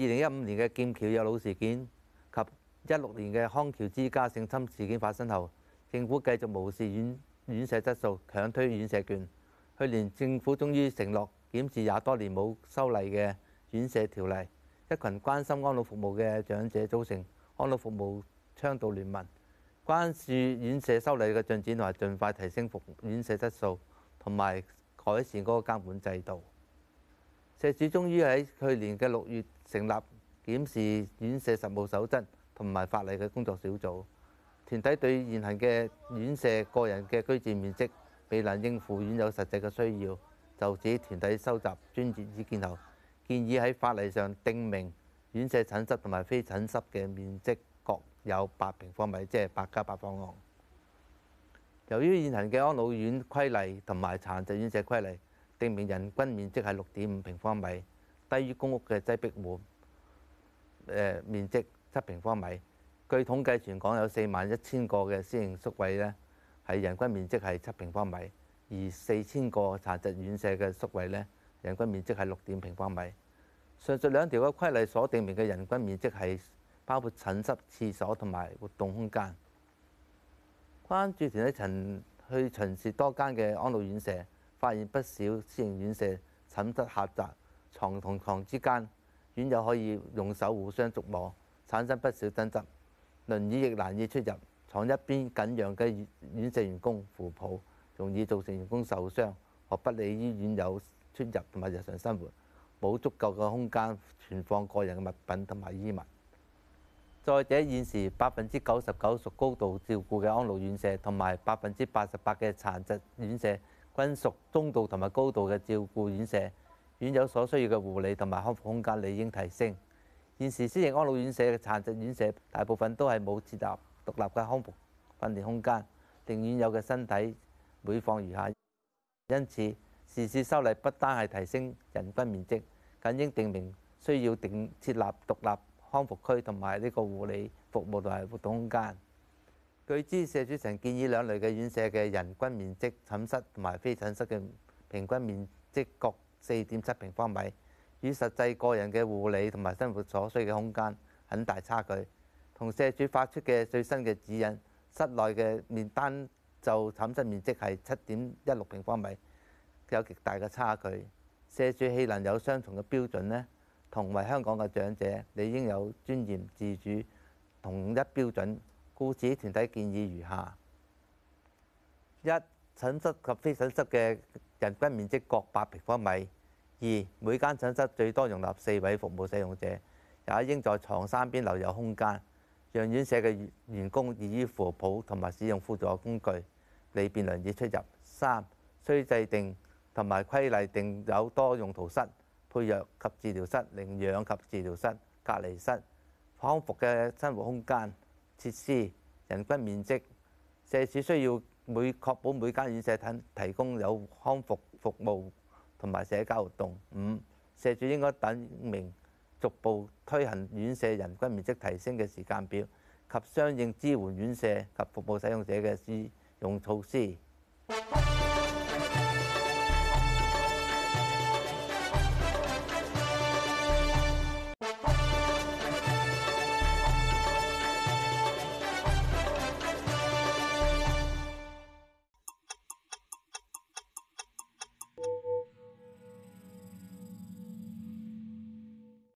二零一五年嘅劍橋有老事件及一六年嘅康橋之家性侵事件發生後，政府繼續無視院院舍質素，強推院，院舍券。去年政府終於承諾檢視廿多年冇修例嘅院舍條例，一群關心安老服務嘅長者組成安老服務倡導聯盟，關注院舍修例嘅進展同埋盡快提升服院舍質素，同埋改善嗰個監管制度。社署終於喺去年嘅六月成立檢視院舍實務守則同埋法例嘅工作小組。團體對現行嘅院舍個人嘅居住面積未能應付院友實際嘅需要，就指團體收集專業意見後，建議喺法例上定明院舍診室同埋非診室嘅面積各有八平方米，即係八加八方案。由於現行嘅安老院規例同埋殘疾院舍規例，訂明人均面積係六點五平方米，低於公屋嘅擠迫戶，誒面積七平方米。據統計，全港有四萬一千個嘅私營宿位咧，係人均面積係七平方米，而四千個殘疾院舍嘅宿位咧，人均面積係六點平方米。上述兩條嘅規例所訂明嘅人均面積係包括診室、廁所同埋活動空間。關注團去巡去巡視多間嘅安老院舍。發現不少私營院舍寢室狹窄，床同牀之間，院友可以用手互相觸摸，產生不少爭執；輪椅亦難以出入，牀一邊緊擁嘅院舍員工扶抱，容易造成員工受傷，何不利於院友出入同埋日常生活。冇足夠嘅空間存放個人嘅物品同埋衣物。再者，現時百分之九十九屬高度照顧嘅安老院舍，同埋百分之八十八嘅殘疾院舍。分屬中度同埋高度嘅照顧院舍，院友所需要嘅護理同埋康復空間理應提升。現時私營安老院舍嘅殘疾院舍大部分都係冇設立獨立嘅康復訓練空間，令院友嘅身體每況愈下。因此，時事修例不單係提升人均面積，更應訂明需要定設立獨立康復區同埋呢個護理服務同埋活動空間。據知，社主曾建議兩類嘅院舍嘅人均面積、寢室同埋非寢室嘅平均面積各四點七平方米，與實際個人嘅護理同埋生活所需嘅空間很大差距。同社主發出嘅最新嘅指引，室內嘅面單就寢室面積係七點一六平方米，有極大嘅差距。社主希能有相同嘅標準呢？同為香港嘅長者，理應有尊嚴、自主、同一標準。故此，團體建議如下：一、診室及非診室嘅人均面積各百平方米；二、每間診室最多容納四位服務使用者，也應在牀三邊留有空間，讓院舍嘅員工易於扶抱同埋使用輔助工具利便輪椅出入；三、需制定同埋規例定有多用途室、配藥及治療室、領養及治療室、隔離室、康復嘅生活空間。設施、人均面積、社署需要每確保每間院舍提供有康復服務同埋社交活動。五、社署應該訂明逐步推行院舍人均面積提升嘅時間表及相應支援院舍及服務使用者嘅使用措施。